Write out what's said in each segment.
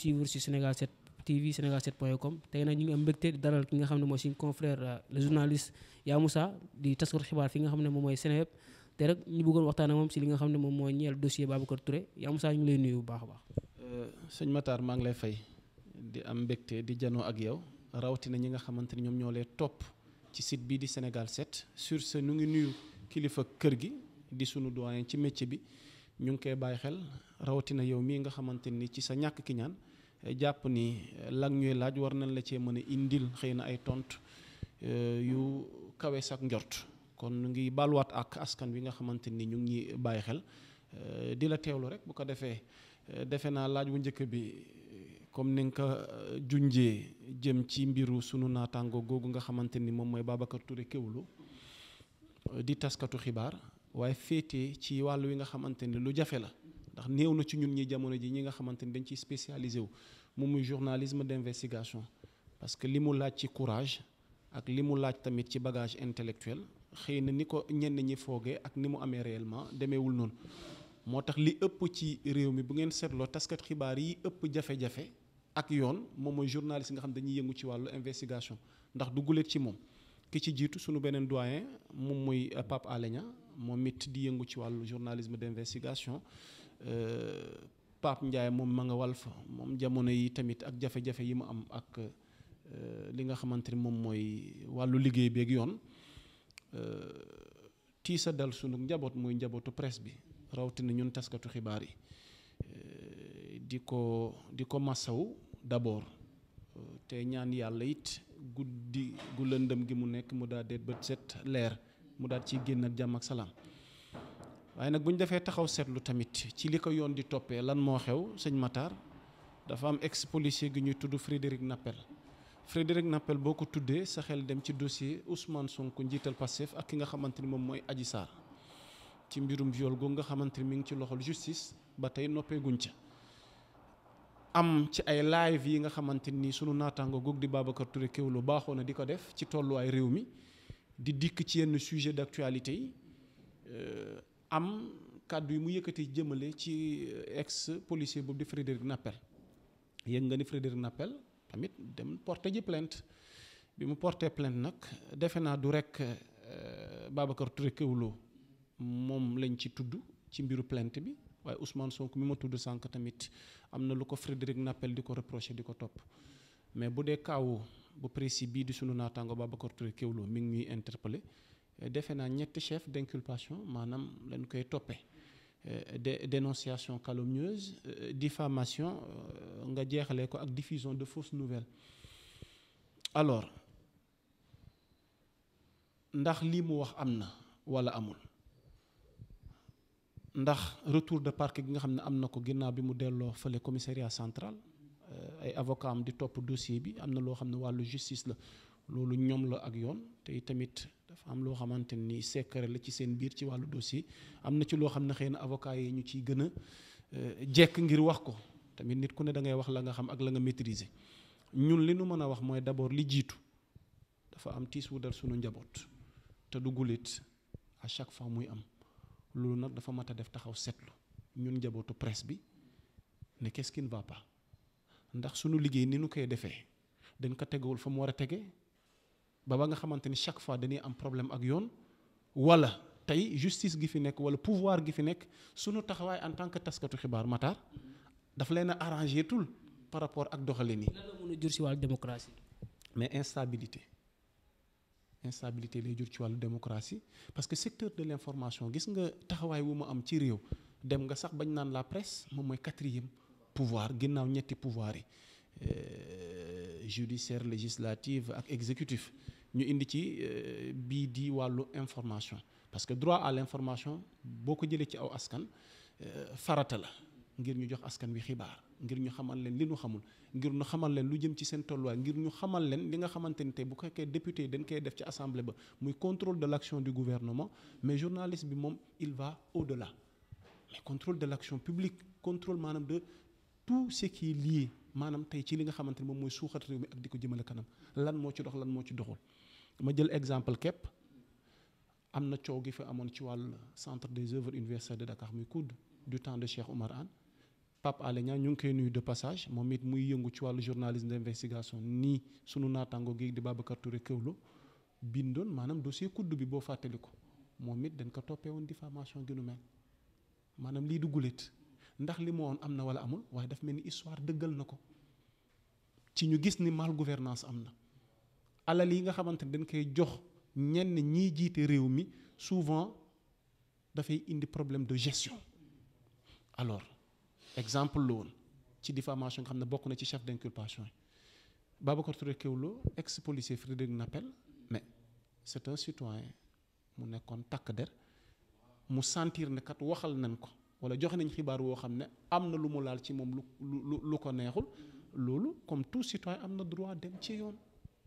suivre ci Sénégal 7 TV Sénégal 7 point com tey nag ñu ngi am mbégte di dalal ki nga xam ne mooy suñu confrère euh, le journaliste Ya Moussa di taskatu xibaar nga xam ne moom mooy Seneweb te rek ñu bëggoon waxtaan ak moom ci li nga xam ne moom mooy ñeel dossier Babacar Touré Ya Moussa ñu ngi lay nuyu bu euh, maa ngi lay fay di am mbégte di janoo ak yow rawatina ñi nga xamante ni ñoom ñoo lay topp ci site bii di Sénégal 7 sur ce ñu ngi nuyu kilifa kër gi di sunu doyen ci métier bi ñu ngi koy bàyyi xel rawatina yow mii nga xamante ni ci sa ñàkk kiñaan jàpp ni eh, lag ñuy laaj war nañ la cee mën a indil xëy na ay tontu eh, yu kawe sak njort kon ñu ngi balwaat ak askan wi nga xamante ni ñu ngi bàyyi xel eh, di la teewlu rek bu ko defee defe naa laaj bu njëkk bi comme ni nga ko junjee jëm ci mbiru sunu naataango googu nga xamante ni moom mooy Babacar Touré Kewlu di taskatu xibaar waaye féete ci wàll wi nga xamante ni lu jafe la ndax néew na ci ñun ñi jamono ji ñi nga xamante ni dañ ciy spécialisé wu mu muy journalisme d'investigation parce que li mu laaj ci courage ak li mu laaj tamit ci bagage intellectuelle xëy na ni ko ñenn ñi foogee ak ni mu amee réellement demewul noonu moo tax li ëpp ci réew mi bu ngeen seetloo taskat xibaar yi ëpp jafe-jafe ak yoon moom mooy journaliste nga xam dañuy yëngu ci wàllu investigation ndax du guleet ci moom ki ci jiitu suñu beneen doyen moom muy euh, Pape Alé moom it di yëngu ci wàllu journalisme d'investigation Euh, Pape Ndiaye moom ma nga fa moom jamono yi tamit ak jafe-jafe yi mu am ak euh, li nga xamante ni moom mooy wàllu liggéey beeg yoon euh, tiisa dal sunu njaboot mooy njabootu presse bi rawatina ñun taskatu xibaar yi di ko di ko masaw d'abord te ñaan yàlla it guddi gu lëndëm gi mu nekk mu daal di bët set leer mu daal ci génn ak jàmm ak salaam. waaye nag bu ñu defee taxaw seetlu tamit ci li ko yoon di toppee lan moo xew sañ Matar dafa am ex policier gi ñuy tudd Frédéric Nappel Frédéric Nappel boo ko tuddee sa xel dem ci dossier Ousmane sonk njiital Pastef ak ki nga xamante ni moom mooy aji Sarr ci mbirum viol googu nga xamante ni mi ngi ci loxol justice ba tey noppee guñ ca am ci ay live yi nga xamante ni sunu naataango goog di Babacar Touré lu baaxoo na di ko def ci tolluwaay réew mi di dikk ci yenn sujet d'actualité yi euh, am kàddu yi mu yëkkati jëmale ci euh, ex policier boobu di Frédéric Nappel yëg nga ni Frédéric Nappel tamit dem porté ji plainte bi mu porté plainte nag defe naa du rek euh, Babacar Touré Kewlo moom lañ ci tudd ci mbiru plainte bi waaye Ousmane Sonko mi ma tudd sànq tamit am na lu ko Frédéric Nappel di ko reproché di ko topp mais bu dee kaawu bu précis bii di sunu naataango Babacar Touré Kewlo mi ngi ñuy interpellé defe naa ñetti chef d'inculpation maanaam lañ koy toppee euh, de dénonciation calomnieuse euh, diffamation euh, nga jeexale ko ak diffusion de fausses nouvelle alors ndax lii mu wax am na walla amul ndax retour de parquet bi nga xam ne am na ko ginnaaw bi mu delloo fële commissariat central ay avocat am di topp dossier bi am na loo xam ne wàllu justice la loolu ñoom la ak yoon te tamit dafa am loo xamante ni secret la ci seen biir ci wàllu dossier am na ci loo xam ne xëy na avocat yi ñu ciy gën a euh, jekk ngir wax ko tamit nit ku ne da ngay wax la nga xam ak la nga maîtriser ñun li nu mën a wax mooy d'abord li jiitu dafa am tiis wu dal sunu njaboot te du gulit à chaque fois muy am loolu nag dafa mat a def taxaw seetlu ñun njabootu presse bi ne qu'est-ce qui ndax sunu liggéey ni nu koy defee dañ ko tegewul fa mu war a tege ba nga xamante ni chaque fois dañuy am problème ak yoon wala tey justice gi fi nekk wala pouvoir gi fi nekk sunu taxawaay en tant que taskatu xibaar Matar daf leen a arrangé tout par rapport ak doxalin yi. lan la mën mais instabilité instabilité lay jur ci wàllu démocratie parce que secteur de l'information gis nga taxawaay wu mu am ci réew dem nga sax bañ naan la presse moom mooy quatrième pouvoir ginnaaw ñetti pouvoir yi euh, judiciaire législative ak exécutif. ñu indi ci euh, bii di wàllu information parce que droit à l'information boo ko jëlee ci aw askan euh, farata la ngir ñu jox askan wi xibaar ngir ñu xamal leen li ñu xamul ngir ñu xamal leen lu jëm ci seen tolluwaay ngir ñu xamal leen li nga xamante ni tey bu fekkee député dañ koy def ci assemblée ba muy contrôle de l'action du gouvernement mais journaliste bi moom il va au-delà mais contrôle de l'action publique contrôle maanaam de tout ce qui est lié maanaam tey ci li nga xamante moom mooy suuxat réew mi ak di ko jëmale kanam lan moo ci dox lan moo ci doxul ma jël exemple képp am na coow gi fi amoon ci wàllu centre des œuvres universitaires de Dakar muy COUD du temps de Cheikh Oumar Anne Pape Alé Niang ñu ngi koy nuyu de passage moom it muy yëngu ci wàllu journalisme d'investigation nii sunu naataango gi di Babacar Touré Kewlo bindoon maanaam dossier COUD bi boo fàttali ko moom it dañ ko toppee woon diffamation gi ndax li mu woon am na wala amul waaye dafa mel ni histoire dëggal na ko ci ñu gis ni mal gouvernance am na alal yi nga xamante ne dañ koy jox ñenn ñiy jiite réew mi souvent dafay indi problème de gestion alors exemple la woon ci diffamation nga xam ne bokk na ci chef d'inculpation yi Babacar Touré Kewlo ex policier Frédéric Napel mais c'est citoyen mu nekkoon takk der mu sentir ne kat waxal nañ ko wala joxe nañ xibaar woo xam ne am na lu mu laal ci moom lu lu lu ko neexul loolu comme tout citoyen am na droit dem ci yoon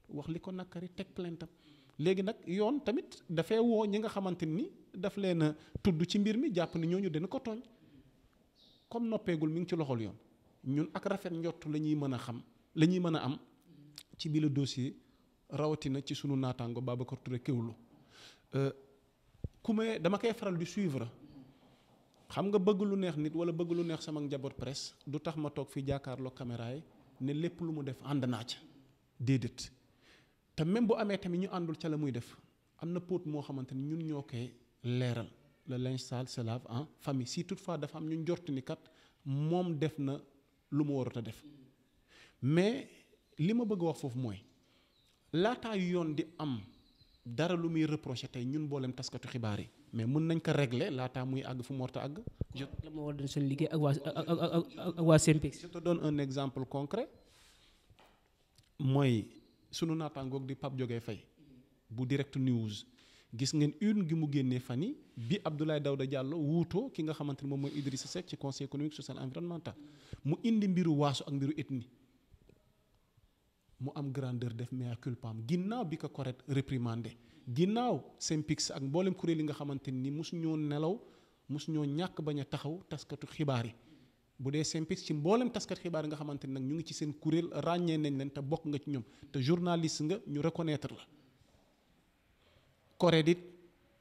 wax li ko nakari teg plainte am léegi nag yoon tamit dafay woo ñi nga xamante ni daf leen a tudd ci mbir mi jàpp ni ñooñu dana ko tooñ comme noppeegul mi ngi ci loxol yoon ñun ak rafet njott la ñuy mën a xam la ñuy mën a am ci biir dossier rawatina ci sunu naataango Babacar Touré Kewlu ku may dama koy faral di suivre. xam nga bëgg lu neex nit wala bëgg lu neex sama njaboot presse du tax ma toog fii jàkkaarloo caméra yi ne lépp lu mu def ànd naa ca déedéet te même bu amee tamit ñu àndul ca la muy def am na pot moo xamante ni ñun ñoo koy leeral le linge sale se en famille si toutefois dafa am ñu njort ni kat moom def na lu mu warut a def mais li ma bëgg wax foofu mooy laataa yoon di am dara lu muy reproché tey ñun mboolem taskatu xibaar yi. mais mën nañ ko régler laata muy àgg fu mu war a àgg. je la doon seen liggéey ak waa ak waa un exemple concret mooy sunu naataangoog di Pape Jogay Faye bu direct news gis ngeen une gi mu génnee fan yi bi Abdoulaye Daouda jàll wuutoo ki nga xamante ne moom mooy Idrissa Seck ci conseil économique social environnemental mu indi mbiru waaso ak mbiru ethnie mu am grandeur def mea culpa am ginnaaw bi ko correct réprimandé. ginnaaw Synpics ak mboolem kuréel yi nga xamante ni mosu ñoo nelaw mosu ñoo ñàkk bañ a taxaw taskatu xibaar yi bu dee Synpics ci mboolem taskat xibaar yi nga xamante ni nag ñu ngi ci seen kuréel ràññee nañ leen te bokk nga ci ñoom te journaliste nga ñu reconnaître la CORED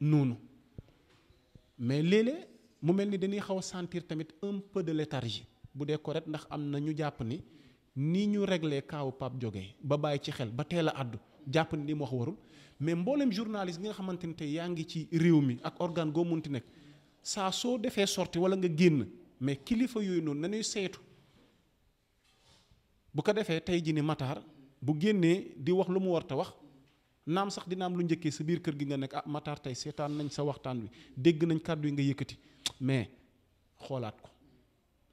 noonu mais léeg-léeg mu mel ni dañuy xaw a sentir tamit un peu de léthargie bu dee CORED ndax am na ñu jàpp ni ni ñu réglé kaawu Pape Diogé ba bàyyi ci xel ba teel a àddu jàpp ni li mu wax warul mais mboolem journaliste gi nga xamante ni tey yaa ngi ci réew mi ak organe goo munti nekk saa soo defee sorti wala nga génn mais kilifa yooyu noonu nañuy saytu bu ko defee tey ji ni Matar bu génnee di wax lu mu war te wax naam sax dina am lu njëkkee sa biir kër gi nga nekk ah Matar tey seetaan nañ sa waxtaan wi dégg nañ kàddu yi nga yëkkati mais xoolaat ko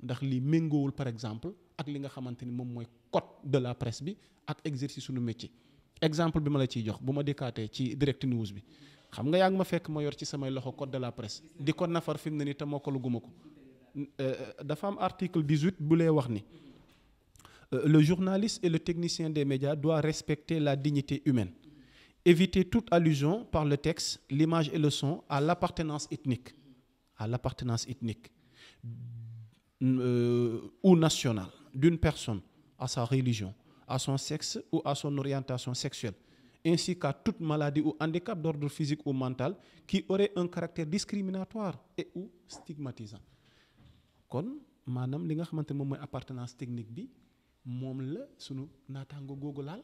ndax lii méngoowul par exemple ak li nga xamante ni moom mooy code de la presse bi ak exercice suñu métier. exemple bi ma la ciy jox bu ma dikkaatee ci direct news bi xam nga yaa ngi ma fekk ma yor ci samay loxo code de la presse di ko nafar fi mu ne nii te mokkalu guma ko euh, euh, dafa am article 18 bu lay wax ni euh, le journaliste et le technicien des médias doit respecter la dignité humaine éviter toute allusion par le texte l'image et le son à l'appartenance ethnique à l'appartenance ethnique euh, ou nationale d'une personne à sa religion à son sexe ou à son orientation sexuelle, ainsi qu'à toute maladie ou handicap d'ordre physique ou mental qui aurait un caractère discriminatoire et ou stigmatisant. kon maanaam li nga xamante moom mooy appartenance technique bi moom la sunu naataango googu laal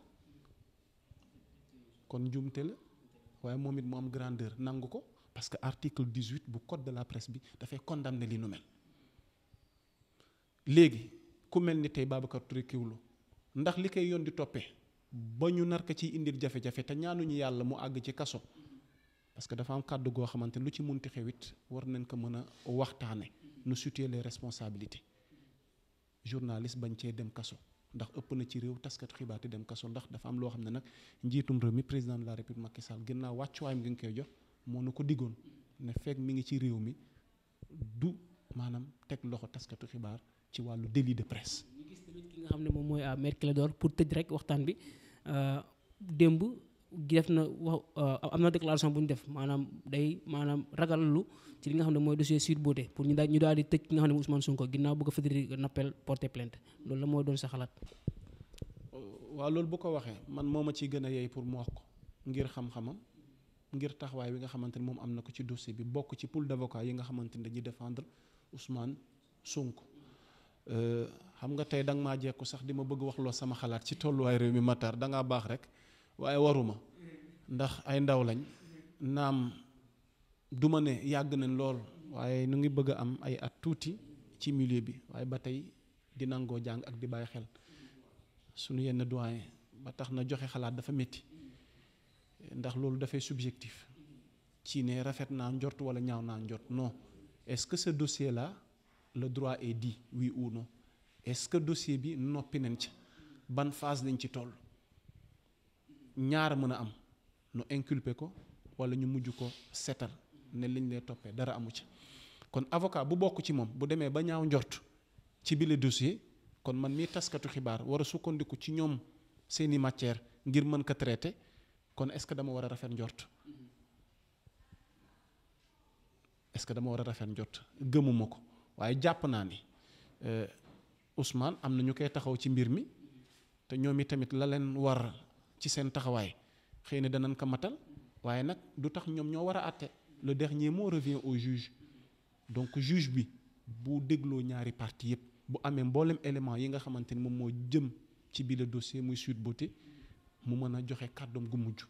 kon njuumte la waaye moom it mu am grandeur nangu ko parce que article dix huit bu code de la presse bi dafay condamner li nu mel léegi ku mel ni tey Babacar Touré Kewlu ndax li koy yoon di toppee ba ñu nar ci ciy indil jafe-jafe te ñu yàlla mu àgg ci kaso parce que dafa am kàddu goo xamante lu ci munti xewit war nañ ko mën a waxtaane nu situer les responsabilité journaliste bañ cee dem kaso ndax ëpp na ci réew taskat xibaar ti dem kaso ndax dafa am loo xam ne nag njiitum réew mi président de la république Macky Sall ginnaaw wàccuwaayam gi nga koy jox moo nu ko diggoon ne fekk mi ngi ci réew mi du maanaam teg loxo taskatu xibaar ci wàllu délit de presse tamit ki nga xam ne moom mooy euh, maire Clédor pour tëj rek waxtaan bi euh, démb def na wax euh, am na déclaration bu ñu def maanaam day maanaam lu ci li nga xam ne mooy dossier Sweet Beauté pour ñu daal ñu daal di tëj ki nga xam ne mooy Ousmane Sonko ginnaaw bëgg a Frédéric Napel porter plainte loolu la mooy doon xalaat. waaw loolu bu ko waxee man moo ma ciy gën a yey pour mu wax ngir xam-xamam ngir taxawaay bi nga xamante ne moom am na ko ci dossier bi bokk ci pool d'avocat yi nga xamante ne dañuy défendre Ousmane Sonko. Euh, xam nga tey danga maa jekku sax di ma bëgg wax sama xalaat ci tolluwaay réew mi Matar dangaa baax rek waaye waruma ndax ay ndaw lañ naam du ma ne yàgg nañ lool waaye nu ngi bëgg a am ay at tuuti ci millier bi waaye ba tey di nangoo jàng ak di bàyyi xel suñu yenn doyen ba tax na joxe xalaat dafa métti ndax loolu dafay subjectif ci ne rafet naa njort wala ñaaw naa njort noo est-ce que ce dossier là le droit est dit oui ou non est-ce que dossier bi noppi nañ ci ban phase lañ ci toll ñaar mën a am nu inculpé ko wala ñu mujj ko setal ne liñ lay toppee dara amu ci kon avocat bu bokk ci moom bu demee ba ñaaw njort ci bile dossier kon man mii taskatu xibaar war a sukkandiku ci ñoom seeni matière ngir mën ko traité kon est-ce que dama war a rafet njort est-ce que dama war a rafet njort gëmuma ko waaye jàpp naa ni euh, Ousmane am na ñu koy taxaw ci mbir mi te ñoom it tamit la leen war ci seen taxawaay xëy na danañ ko matal waaye nag du tax ñoom ñoo war a àtte le dernier mot revient au juge donc juge bi bu dégloo ñaari parti yëpp bu amee mboolem élément yi nga xamante ni moom moo jëm ci biir le dossier muy Sweet Beauté mu mën a joxe kàddoom gu mujj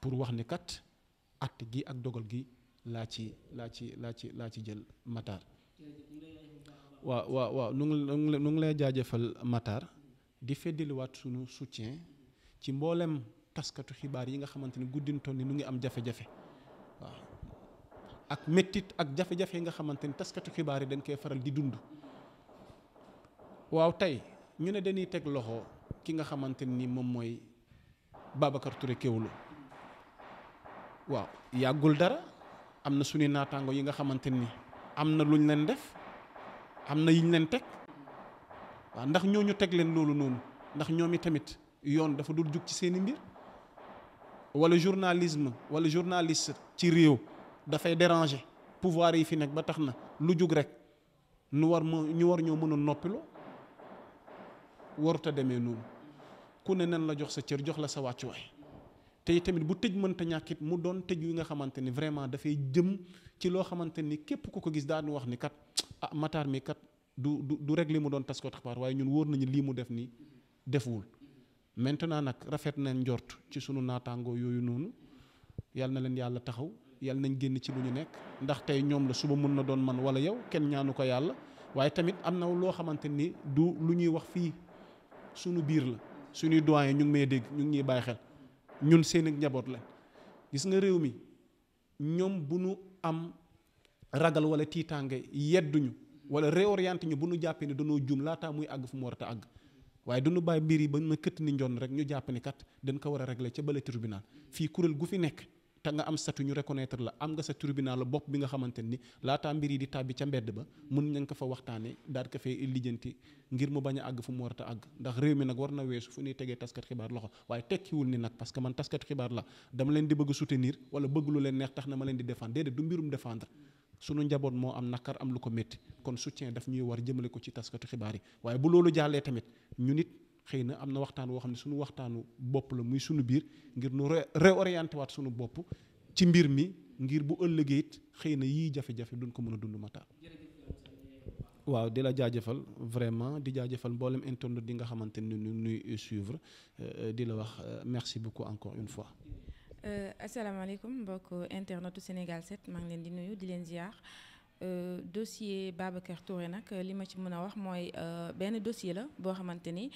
pour wax ni kat àtte gi ak dogal gi laa ci laa ci laa ci laa ci jël mataar waaw waaw nu ngi lay jaajëfal Matar di feddiliwaat sunu soutien ci mboolem taskatu xibaar yi nga xamante ni guddintoon ni nu ngi am jafe-jafe waaw ak méttit ak jafe-jafe yi nga xamante ni taskatu xibaar yi dañ koy faral di dund waaw tey ñu ne dañuy teg loxo ki nga xamante ni moom mooy Babacar Touré Kewoulo waaw yàggul dara am na sunuy naataango yi nga xamante ni am na lu luñ leen def am na yiñ leen teg waaw ndax ñooñu teg leen loolu noonu ndax ñoom i tamit yoon dafa dul jug ci seeni mbir walla journalisme wala journaliste ci réew dafay déranger pouvoir yi fi nekk ba tax na lu jug rek nu war ma ñu war ñoo mën a noppiloo warut a demee noonu ku ne nan la jox sa cër jox la sa wàccuwaay te tamit bu tëj te ñàkkit mu doon tëj yu nga xamante ni vraiment dafay jëm ci loo xamante ni képp ku ko gis daanu wax ni kat ah Matar mi kat du du du rek li mu doon tas ko taxawaar waaye ñun wóor nañu lii mu def ni defwul maintenant nag rafet nañ njort ci sunu naataangoo yooyu noonu yal na leen yàlla taxaw yal nañ génn ci lu ñu nekk ndax tey ñoom la suba mën na doon man wala yow kenn ñaanu ko yàlla waaye tamit am na loo xamante ni du lu ñuy wax fii sunu biir la suñuy doyen ñu ngi may dégg ñu ngi ñuy bàyyi ñun seeni njaboot la gis nga réew mi ñoom bu nu am ragal wala tiitaange yedduñu wala réorienté ñu bu nu jàppee ne danoo juum laataa muy àgg fu mu war a àgg waaye du nu bàyyi mbir yi ba ma këtt ni njoon rek ñu jàpp ni kat dañ ko war a régler ca bale tribunal fii kuréel gu fi nekk te nga am statut ñu reconnaître la am nga sa tribunal bopp bi nga xamante ni laataa mbir yi di tàbbi ca mbedd ba mun nañ ko fa waxtaanee daal ko fee lijjanti ngir mu bañ a àgg fu mu war a àgg ndax réew mi nag war na weesu fu ñuy tegee taskat xibaar loxo waaye tekkiwul ni nag parce man taskat xibaar la dama leen di bëgg soutenir wala bëgg lu leen neex tax na ma leen di défendre déedéet du mbirum défendre sunu njaboot moo am nakar am lu ko métti kon soutien daf ñuy war jëmale ko ci taskatu xibaar yi waaye bu loolu jàllee tamit ñu nit xëy na am na waxtaan woo xam ne suñu waxtaanu bopp la muy suñu biir ngir nu réorienté waat suñu bopp ci mbir mi ngir bu ëllëgee it xëy na yii jafe-jafe duñ ko mën a dund mataal waaw di la jaajëfal vraiment di jaajëfal mboolem internet di nga xamante ni ñu nuy suivre euh, di la wax euh, merci beaucoup encore une fois euh, asalaamaaleykum mbokk internetu Sénégal set maa ngi leen di nuyu di leen ziar Euh, dossier Babacar Touré nag euh, li ma ci mën a wax mooy euh, benn dossier la boo xamante ni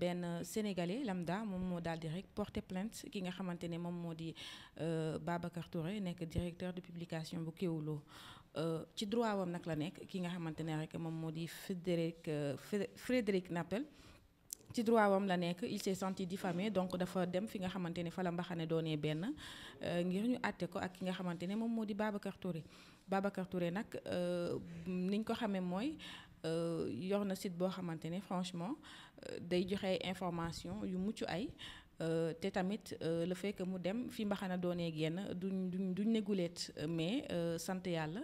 benn sénégalais lambda moom moo daal di rek porter ki nga xamante ne moom moo di Babacar Touré nekk directeur de publication bu Kéwoulo ci droit wam nag la nekk ki nga xamante ne rek moom moo di Frédéric Frédéric Nappel ci droit wam la nekk il s'est senti diffamé donc dafa dem fi nga xamante ne fa la mbaxane doonee benn ngir ñu àtte ko ak ki nga xamante ne moom moo di Babacar Touré Babacar Touré nag euh, niñ ko xamee mooy euh, yor na site boo xamante ne franchement euh, day joxe information yu mucc ay te tamit le fait que mu dem fi mbaxana doonee génn du duñ guléet néguleet mais sant yàlla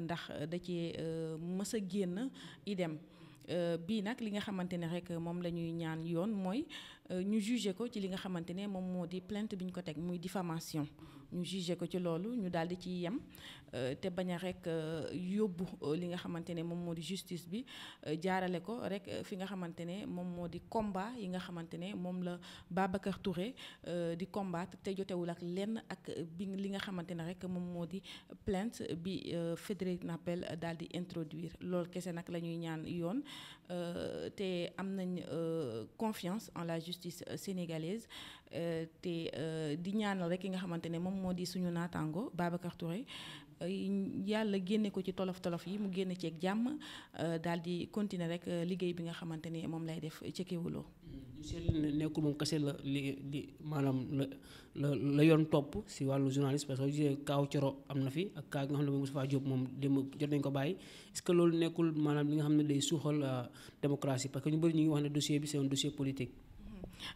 ndax da cee mës a génn idem bii nag li nga xamante ne rek moom la ñuy ñaan yoon mooy ñu juger ko ci li nga xamante ne moom moo di plainte bi ñu ko teg muy diffamation ñu jugé ko ci loolu ñu daal di ciy yem euh, te baña a rek euh, yóbbu euh, li nga xamante ne moom moo di justice bi jaarale ko rek fi nga xamante ne moom moo di combat yi nga xamante ne moom la Babacar Touré di combattre te jotewul ak lenn ak bi li nga xamante ne rek moom moo di plainte bi Frédéric Napel daal di introduire loolu kese nag la ñuy ñaan yoon te am nañ confiance en la justice sénégalaise Euh, te euh, di ñaanal rek ki nga xamante ne moom moo di suñu naataango Babacar Touré euh, yàlla génne ko ci tolof tolof yi mu génn ceeg jàmm daal di continuer rek liggéey bi nga xamante ne moom lay def ci Kéwoulo. monsieur nekkul moom kese la li li maanaam la la la yoon topp si wàllu journaliste parce que gisee kaaw Coro am na fi ak kaa nga xam ne day suuxal démocratie parce que ñu bëri ñu ngi wax ne dossier bi c'est un dossier politique.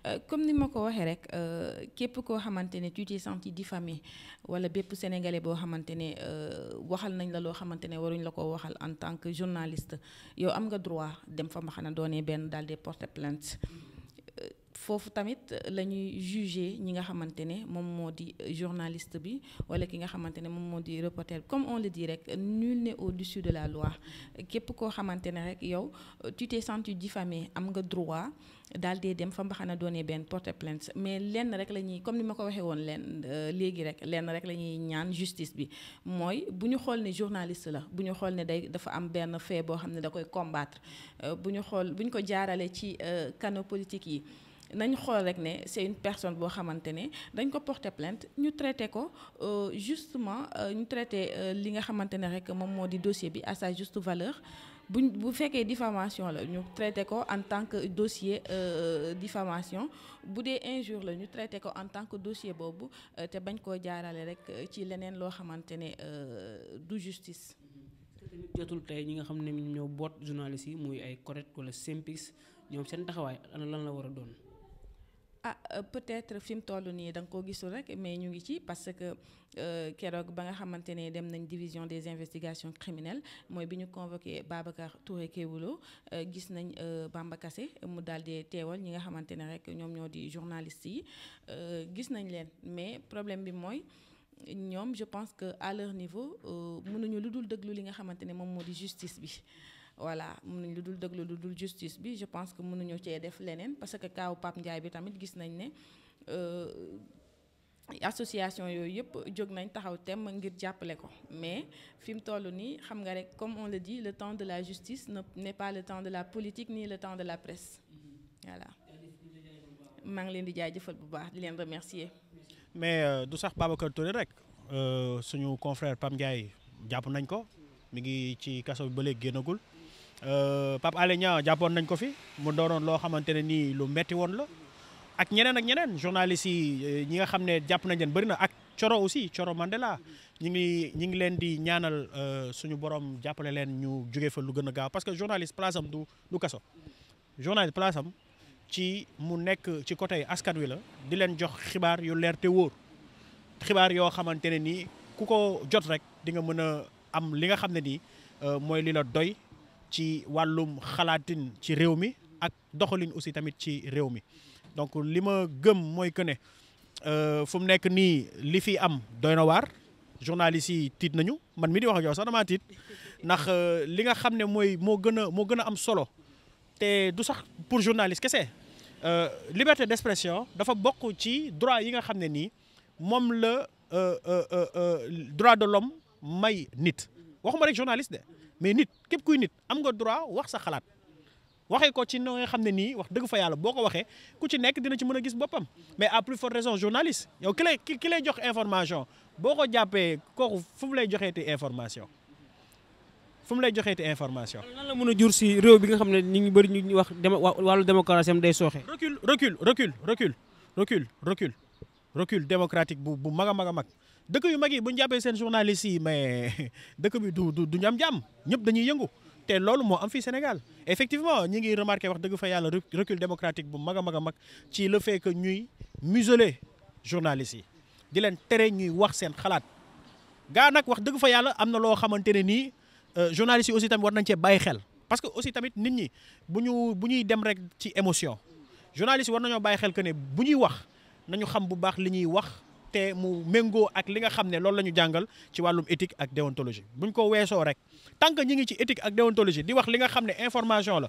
Euh, comme ni ma ko waxee rek euh, képp koo xamante ne tu t'es senti diffamé wala bépp sénégalais boo xamante ne euh, waxal nañ la loo xamante ne waruñ la ko waxal en tant que journaliste yow am nga droit dem fa ma xanaa doonee benn daal di porter plante foofu tamit la ñuy juger ñi nga xamante ne moom moo di journaliste bi wala ki nga xamante ne moom moo di reporter bi comme on le di rek nul n'est au-dessus de la loi képp koo xamante ne rek yow tu t'es senti diffamé am nga droit daal dee dem fa mbaxana doonee benn porter plainte mais lenn rek la ñuy comme ni ma ko waxee woon lenn euh, léegi rek lenn rek la ñuy ñaan justice bi mooy bu ñu xool ne journaliste la bu ñu xool ne day dafa am benn fait boo xam ne da koy combattre euh, bu ñu xool bu ñu ko jaarale ci euh, canaux politique yi nañ xool rek ne c'est une personne boo xamante ne dañ ko porter plainte ñu traité ko euh, justement euh, ñu traité euh, li nga xamante ne rek moom moo di dossier bi à sa juste valeur buñ bu fekkee diffamation la ñu traité ko en tant que dossier diffamation bu dee injure la ñu traité ko en tant que dossier boobu te bañ koo jaarale rek ci leneen loo xamante ne du justice. tamit jotul tey ñi nga xam ne ñoo boot journaliste yi muy ay correct wala simpix ñoom seen taxawaay ana lan la war a doon. ah euh, peut-être fi mu toll nii da nga koo gisul rek mais ñu ngi ci parce que euh, keroog ba nga xamante ne dem nañ division des investigations criminelles mooy bi ñu convoqué Babacar Touré Kewulo euh, gis nañ Bamba Kassé mu daal di teewal ñi nga xamante ne rek ñoom ñoo di journalistes yi gis nañ leen mais problème bi mooy ñoom je pense que à leur niveau mënuñu lu dul déglu li nga xamante ne moom moo di justice bi. voilà mënuñ lu dul déglu lu dul justice bi je pense que mënuñu cee def leneen parce que kaaw Pape Ndiaye bi tamit gis nañ ne euh, association yooyu yëpp jóg nañ taxaw temm ngir jàppale ko mais fi mu toll nii xam nga rek comme on le dit le temps de la justice ne n'est pas le temps de la politique ni le temps de la presse voilà maa ngi leen di jëfal bu baax di leen remercier. mais euh, du sax Babacar Touré rek euh, suñu confrère Pape Ndiaye jàpp nañ ko mu ngi ci kaso bi génnagul Euh, Pape Alé Niang jàppoon nañ ko fi mu doonoon loo xamante ne nii lu metti woon la ak ñeneen ak ñeneen journalistes yi euh, ñi nga xam ne jàpp nañ leen bëri na ak Coro aussi Coro Mandela ñi ngi ñi ngi leen di ñaanal euh, suñu borom jàppale leen ñu jóge fa lu gën a gaaw parce que journaliste place am du du kaso journaliste place am ci mu nekk ci côté askan wi la di leen jox xibaar yu leer te wóor xibaar yoo xamante ne nii ku ko jot rek di nga mën a am li nga xam ne nii mooy li doy ci wàllum xalaatin ci réew mi ak doxalin aussi tamit ci réew mi donc li ma gëm mooy que ne euh, fu mu nekk nii li fi am doy na yi tiit nañu man mi di wax ak yow sax damaa tiit ndax euh, li nga xam ne mooy moo gën a moo gën a am solo te du sax pour journaliste kese euh, liberté d'expression dafa bokk ci droit yi nga xam ne nii moom la droit de l'homme may nit waxuma rek journaliste de mais nit képp kuy nit am nga droit wax sa xalaat waxee ko ci no nga xam ne nii wax dëgg fa yàlla boo ko waxee ku ci nekk dina ci mën a gis boppam mais à plus forte raison journaliste yow ki lay ki lay jox information boo ko jàppee kooku fu mu lay joxeeti information fu mu lay te information. lan la mën a jur si réew bi nga xam ne ñu ngi bëri ñu wax wàllu démocratie am day sooxe. recul recul recul recul recul recul recul démocratique bu bu mag a mag a mag. dëkk yu mag yi bu ñu jàppee seen journaliste yi mais dëkk bi du du ñu am jàmm ñëpp dañuy yëngu te loolu moo am fii Sénégal effectivement ñi ngi remarqué wax dëgg fa yàlla recul démocratique bu mag a mag a mag ci le fait que ñuy museler journalistes yi di leen tere ñuy wax seen xalaat gaa nag wax dëgg fa yàlla am na loo xamante ne nii euh, journalistes yi aussi tamit war nañ cee bàyyi xel parce que aussi tamit nit ñi bu ñu bu ñuy dem rek ci émotion journalistes war nañoo bàyyi xel que ne bu ñuy wax nañu xam bu baax li ñuy wax te mu méngoo ak li nga xam ne loolu la ñu jàngal ci wàllum étique ak déontologie buñ ko weesoo rek tant que ñi ngi ci étique ak déontologie di wax li nga xam ne information la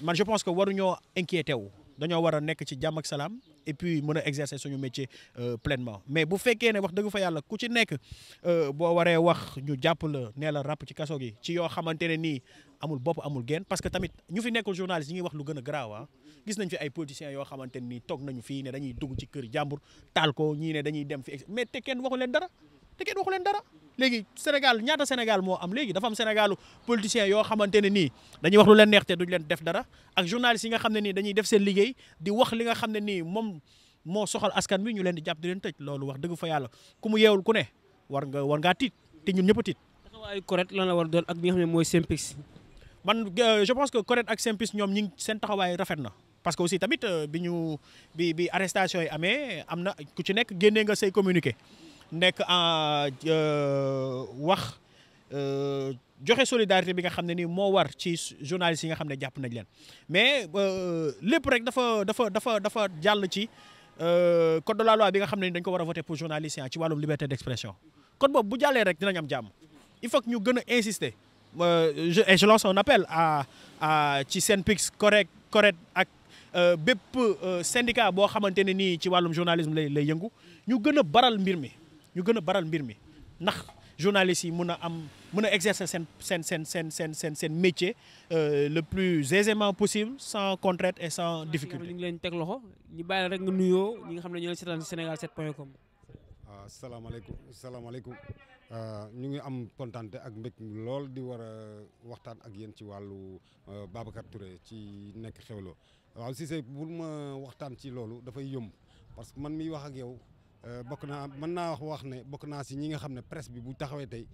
man je pense que waruñoo inquiété wu dañoo war a nekk ci jàmm ak salaam et puis mën a exercer suñu métier euh, pleinement mais bu fekkee ne wax dëgg fa yàlla ku ci nekk euh, boo waree wax ñu jàpp la nee la ràpp ci kaso gi ci yoo xamante ne nii amul bopp amul geen parce que tamit ñu fi nekk journaliste ñu ngi wax lu gën a grave ah gis nañ fi ay politiciens yoo xamante ni toog nañu fii ne dañuy dugg ci kër jàmbur taal ko ñii ne dañuy dem fi mais te kenn waxu leen dara te kenn waxu leen dara léegi Sénégal ñaata Sénégal moo am léegi dafa am Sénégalu politiciens yoo xamante ne nii dañuy wax lu leen neex te leen def dara ak journalistes yi nga xam ne dañuy def seen liggéey di wax li nga xam ne nii moom moo soxal askan wi ñu leen di jàpp di leen tëj loolu wax dëgg fa yàlla ku mu yeewul ku war nga war ngaa tiit te ñëpp tiit. taxawaayu correct war doon ak bi nga xam man euh, je pense que CORED ak SYNPICS ñoom ñi ngi seen taxawaay rafet na parce que aussi tamit euh, bi ñu bi bi arrestation yi amee am na ku ci nekk génnee nga say communiqué nekk euh, wax joxe solidarité bi nga xam ne ni moo war ci journalistes yi nga xam ne jàpp nañ leen mais lépp rek dafa dafa dafa dafa jàll ci code de la loi bi nga xam ne ni dañ ko war a voter pour journalistes yi ci wàllum liberté d'expression code boobu bu jàllee rek dinañ am jàmm il faut ñu gën a insister Euh, je et je lance appel à à ci Synpics correct correct ak euh, bépp euh, syndicat boo xamante ne nii ci wàllum journalisme lay lay yëngu ñu gën a baral mbir mi ñu gën a baral mbir mi ndax journalistes yi mun a am mun a exercer seen seen seen seen seen seen seen métier le plus aisément possible sans contrainte et sans difficulté. ñu ngi leen teg loxo ñi bàyyi rek nga nuyoo ñi nga xam ne ñoo leen seetaan Sénégal 7 point com. waaw ah, salaamaaleykum salaamaaleykum. Euh, ñu ngi am kontante ak mbég lool di war a waxtaan ak yéen ci wàllu euh, Babacar Touré ci nekk xewloo waaw Cissé bul ma waxtaan ci loolu dafay yomb parce que man miy wax ak yow euh, bokk naa mën naa wax ne bokk naa si ñi nga xam ne presse bi bu taxawee tey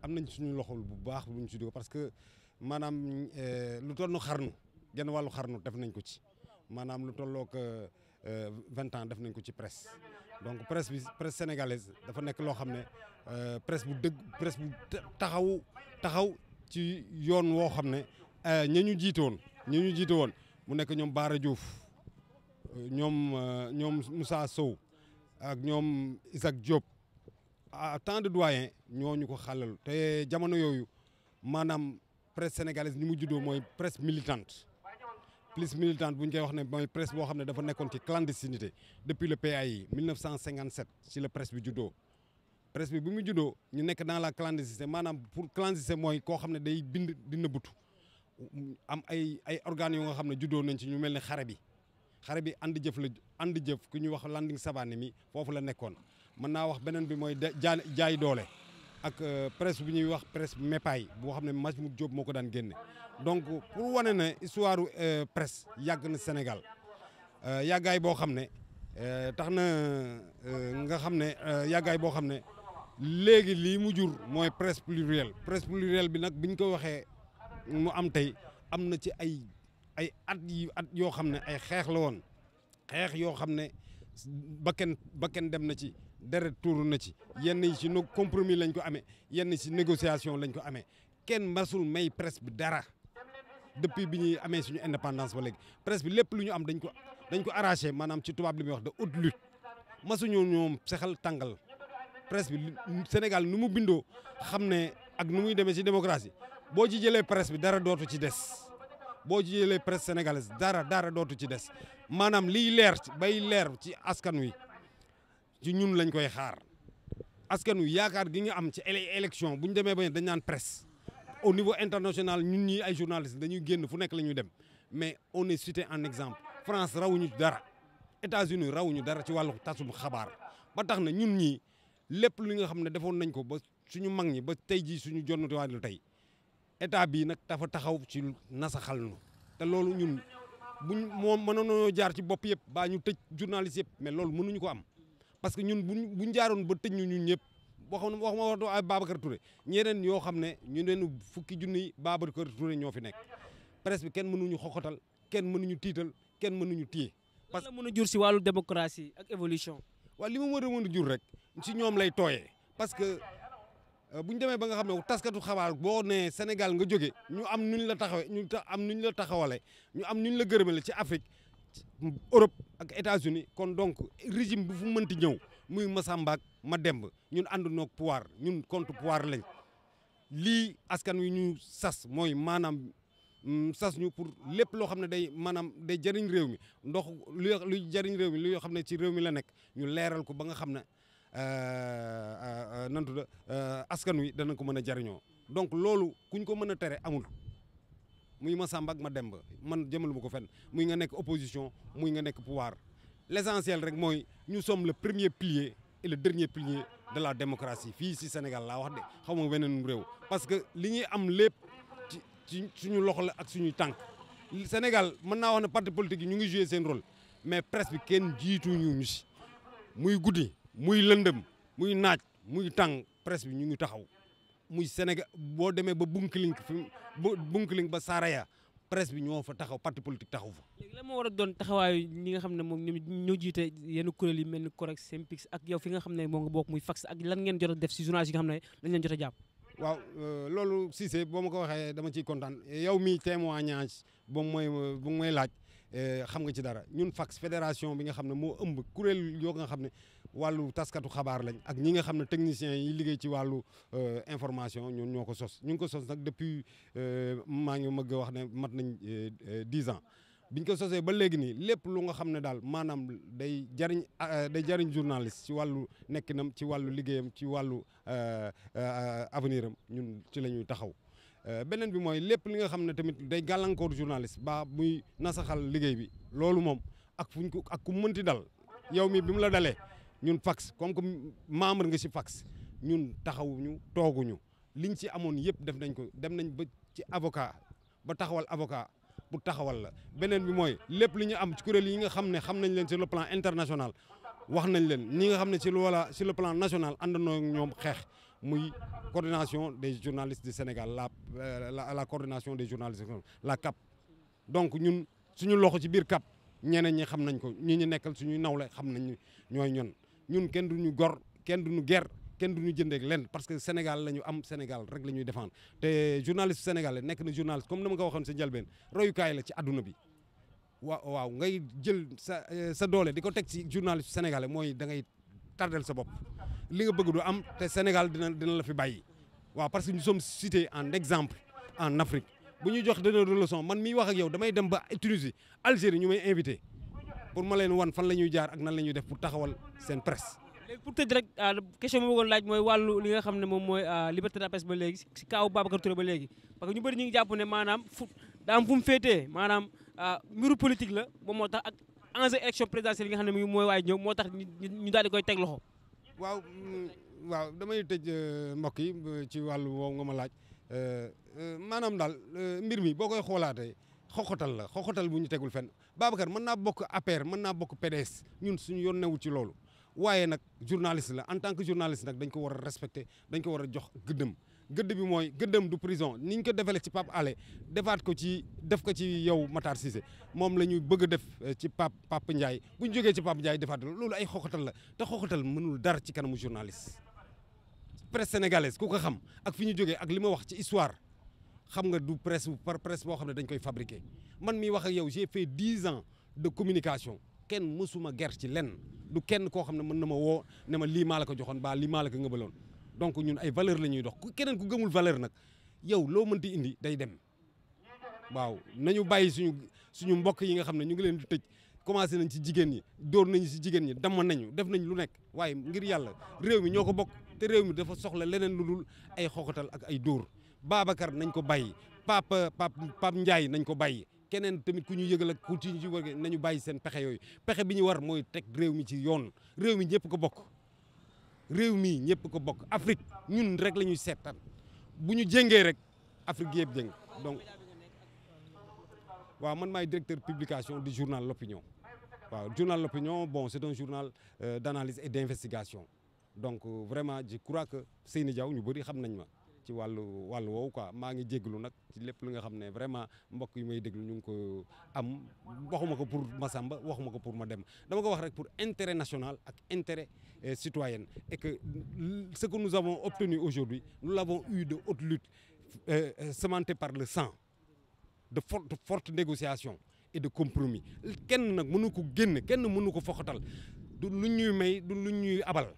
am nañ suñu loxol bu baax bu ñu si parce que maanaam lu toll xarnu genn wàllu xarnu def nañ ko ci maanaam lu tollook vingt ans def nañ ko ci presse donc presse bi presse sénégalaise dafa nekk loo xam ne Euh, presse bu dëgg presse bu taxaw taxaw ci yoon woo xam ne euh, ña ñu jiite woon ña ñu jiite woon mu nekk ñoom Baara Diouf euh, ñoom ñoom Moussa Sow ak ñoom Isaac Diop a tant de doyens ñoo ñu ko xàllal te jamono yooyu maanaam presse sénégalaise ni mu juddoo mooy presse militante. plus militante bu ñu koy wax ne mooy presse boo xam ne dafa nekkoon ci clandestinité depuis le PAI 1957 ci la presse bi juddoo. presse bi bu mu juddoo ñu nekk dans la clandestinité maanaam pour clandestinité mooy koo xam ne day bind di nëbbutu am ay ay organes yoo nga xam ne juddoo nañ ci ñu mel ne xare bi xare bi ànd jëf la ànd jëf ku ñuy wax Landing Savané mi foofu la nekkoon mën naa wax beneen bi mooy jaay jaay doole ak euh, presse bu ñuy wax presse mépaay boo xam ne Majmout Diop moo ko daan génne donc pour wane ne histoire euh, presse yàgg na Sénégal euh, yàggaay boo xam ne tax na nga xam ne yàggaay boo xam ne léegi lii mu jur mooy presse plurielle presse plurielle bi nag bi ñu ko waxee mu am tey am na ci ay ay at at yoo xam ne ay xeex la woon xeex yoo xam ne ba kenn dem na ci deret tuuru na ci yenn yi ci no compromis lañ ko amee yenn ci négociation lañ ko amee kenn masul may presse bi dara depuis bi ñuy amee suñu indépendance ba léegi presse bi lépp lu ñu am dañ ko dañ ko arraché maanaam ci tubaab li muy wax de haute lutte masuñu ñoom sexal tàngal presse bi Sénégal nu mu bindoo xam ne ak nu muy demee si démocratie boo ci jëlee presse bi dara dootu ci des boo ci jëlee presse sénégalaise dara dara dootu ci des maanaam liy leer bay leer ci askan wi ci ñun lañ koy xaar askan wi yaakaar gi nga am ci élection bu ñu demee ba dañ naan presse au niveau international ñun ñi ay journalistes dañuy génn fu nekk la ñuy dem mais on est cité en exemple France rawuñu dara États-Unis rawuñu dara ci wàllu tasum xabaar ba tax lépp li nga xam ne defoon nañ ko ba suñu mag ñi ba tey jii suñu jonnutiwaat lu tey état bii nag dafa taxaw ci nasaxal nu te loolu ñun buñ moom mënoon nañoo jaar ci bopp yëpp baa ñu tëj journaliste yëpp mais loolu mënuñu ko am parce que ñun buñ buñ jaaroon ba tëj ñu ñun ñëpp waxuma waxuma ay Babacar Touré ñeneen yoo xam ne ñu leen fukki junniy Babacar Touré ñoo fi nekk presse bi kenn mënuñu xoxotal kenn mënuñu tiital kenn mënuñu téye. parce que mën a jur si wàllu démocratie ak évolution. waaw li ma mën a jur rek ci ñoom lay tooye parce que euh, bu ñu demee ba nga xam ne taskatu xabaar boo nee Sénégal nga jóge ñu am nuñ la taxawee ñu am nuñ la taxawale ñu am nuñ la gërëmale ci Afrique Europe ak États-Unis kon donc régime bu fu mënti ñëw muy Masamba ak Mademba ñun ànd noog pouvoir ñun contre pouvoir lañ lii askan wi ñu sas mooy maanaam mm, sas pour lépp loo xam ne day maanaam day jëriñ réew mi ndox luy luy jëriñ réew mi lu yoo xam ne ci réew mi la nekk ñu leeral ko ba nga xam ne Euh, euh, euh, nantu da askan wi dana ko mën a jariñoo donc loolu kuñ ko mën a tere amul muy ma Samba ak ma Demba man jëmal ma ko fenn muy nga nekk opposition muy nga nekk pouvoir l'essentiel rek mooy ñu sommes le premier pilier e le dernier pilier de la démocratie fii si Sénégal laa wax de xaw ma weneen réew parce que li ñuy am lépp ci ci suñu loxo la ak suñuy tànk Sénégal mën naa wax ne parti politique yi ñu ngi jouer seen rôle mais presse bi kenn jiitu ñu si muy guddi muy lëndëm muy naaj muy tàng presse bi ñu ngi taxaw muy Sénégal boo demee ba Bunkiling fi Bunkiling ba Saraya presse bi ñoo fa taxaw parti politique taxaw fa. léegi la moo war a doon taxawaayu ñi nga xam ne moom ñu ñu jiite yenn kuréel yi mel ni COREX SYNPICS ak yow fi nga xam ne moom nga bokk muy fax ak lan ngeen jot a def si journaliste yi nga xam ne dañ leen jot a jàpp. waaw euh, loolu Cissé boo ma ko waxee dama ciy kontaan yow mi témoignage boobu mooy bu mooy laaj Euh, xam nga ci dara ñun fax fédération bi nga xam ne moo ëmb kuréel yoo nga xam ne wàllu taskatu xabaar lañ ak ñi nga xam ne techniciens yi liggéey ci wàllu euh, information ñun ñoo ko sos ñu ngi ko sos nag depuis euh, maa ngi magg wax ne mat nañ dix ans biñ ko sosee ba léegi nii lépp lu nga xam ne daal maanaam day jariñ day jariñ journaliste ci wàllu nekkinam ci wàllu liggéeyam ci wàllu avenir am ñun ci la ñuy taxaw Euh, beneen bi mooy lépp li nga xam ne tamit day gàllankoor journaliste ba muy nasaxal liggéey bi loolu moom ak fuñ ko ak ku mënti dal yow mi bi mu la dalee ñun fax comme que membre si fax ñun taxawuñu tooguñu liñ ci amoon yëpp def nañ ko dem nañ ba ci avocat ba taxawal avocat pour taxawal la beneen bi mooy lépp li ñu am ci kuréel yi nga xam ne xam nañ leen sur le plan international wax nañ leen ñi nga xam ne ci loola sur le plan national àndandoo ñoom xeex muy coordination des journalistes de Sénégal la euh, la la coordination des journalistes la CAP. donc ñun suñu loxo ci biir CAP ñeneen ñi xam nañ ko ñu ñu nekkal suñuy nawle xam nañ ñooy ñon ñun kenn du ñu gor kenn du ñu ger kenn du ñu jëndeek lenn parce que Sénégal la ñu am Sénégal rek la ñuy défendre te journaliste sénégalais nekk na journaliste comme ni ma ko waxoon sa njëlbeen royukaay la ci àdduna bi. waaw waaw ngay jël sa euh, sa doole di ko teg si journaliste sénégalais mooy da ngay tardel sa bopp li nga bëgg du am te Sénégal dina dina la fi bàyyi waaw parce que nous sommes en exemple en Afrique bu ñu jox dana leçon man miy wax ak yow damay dem ba Algérie ñu may invité pour ma leen wan fan la ñuy jaar ak nan la ñuy def pour taxawal seen presse. léegi pour tëj rek ah, question bi ma laaj mooy wàllu li nga xam ne moom mooy ah, liberté de la presse ba léegi si kaaw Babacar Touré ba léegi parce que ñu bëri ñu ngi jàpp ne maanaam fu daa am ah, la moom moo enjeu élection présidentielle yi nga xam ne mi mooy waay ñëw moo tax ñu daal di koy teg loxo waaw mm, waaw damay tëj euh, mbokk yi euh, ci wàllu woowu nga ma laaj euh, maanaam daal mbir mi boo koy xoolaatee xoxotal la xoxotal bu ñu tegul fenn Babacar mën naa bokk APR mën naa bokk PDS ñun suñu yoon newul ci loolu waaye nag journaliste la en tant que journaliste nag dañ ko war a respecté dañ ko war a jox gëddëm gëdd bi mooy gëddam du prison ni ñu ko defalee ci Pape Alé defaat ko ci def ko ci yow Matar Cissé moom la ñuy bëgg a def euh, ci Pape Pape njaay bu ñu jógee ci Pape njaay defaat loolu ay xoxatal la te xoxatal mënul dara ci kanamu journaliste. presse sénégalaise ku ko xam ak fi ñu jógee ak li ma wax ci histoire xam nga du presse par presse boo xam ne dañ koy fabriquer man mi wax ak yow j'ai fait dix ans de communication kenn mësuma ger ci lenn du kenn koo xam ne mën na ma woo ne ma lii maa la ko joxoon ba lii maa la donc ñun ay valeur la ñuy dox ku keneen ku gëmul valeur nag yow loo mënti indi day dem waaw nañu bàyyi suñu suñu mbokk yi nga xam ne ñu ngi leen di tëj commencé nañ ci jigéen ñi dóor nañ si jigéen ñi damm nañu def nañ lu nekk waaye ngir yàlla réew mi ñoo ko bokk te réew mi dafa soxla leneen lu dul ay xoxatal ak ay dóor Babacar nañ ko bàyyi Pape Pape Pape Ndiaye nañ ko bàyyi keneen tamit ku ñu yëgal ak ku ci ñu war nañu bàyyi seen pexe yooyu pexe bi ñu war mooy teg réew mi ci yoon réew mi ñëpp ko bokk réew mii ñëpp ko bokk Afrique ñun rek la ñuy seetaan bu ñu jéngee rek Afrique yëpp jéng donc waaw man maay directeur publication du journal L'Opinion waaw journal L'Opinion bon c'est un journal euh, d'analyse et d'investigation donc euh, vraiment ji crois que Seyni Diaw ñu bëri xam nañ ma ci wàllu wàllu woowu quoi maa ngi jéglu nag ci lépp lu nga xam ne vraiment mbokk yi may déglu ñu ngi ko am waxuma ko pour samba waxuma ko pour ma dem dama ko wax rek pour intérêt national ak intérêt euh, citoyen et que ce que nous avons obtenu aujourd'hui nous l'avons eu de haute lutte euh, euh, cimentée par le sang de forte forte négociation et de compromis kenn nag mënu ko génn kenn mënu ko foxatal du lu ñuy may du lu ñuy abal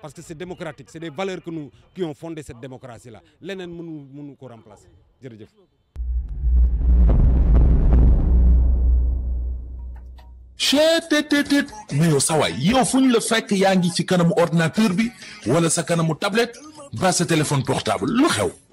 parce que c'est démocratique c'est des valeurs que nous qui ont fondé cette démocratie là leneen mënu mënu ko remplacer jërëjëf cheetetetet mais yow oh, sawaay yow fu ñu la fekk yaa ngi ci kanamu ordinateur bi wala sa kanamu tablette ba sa téléphone portable lu xew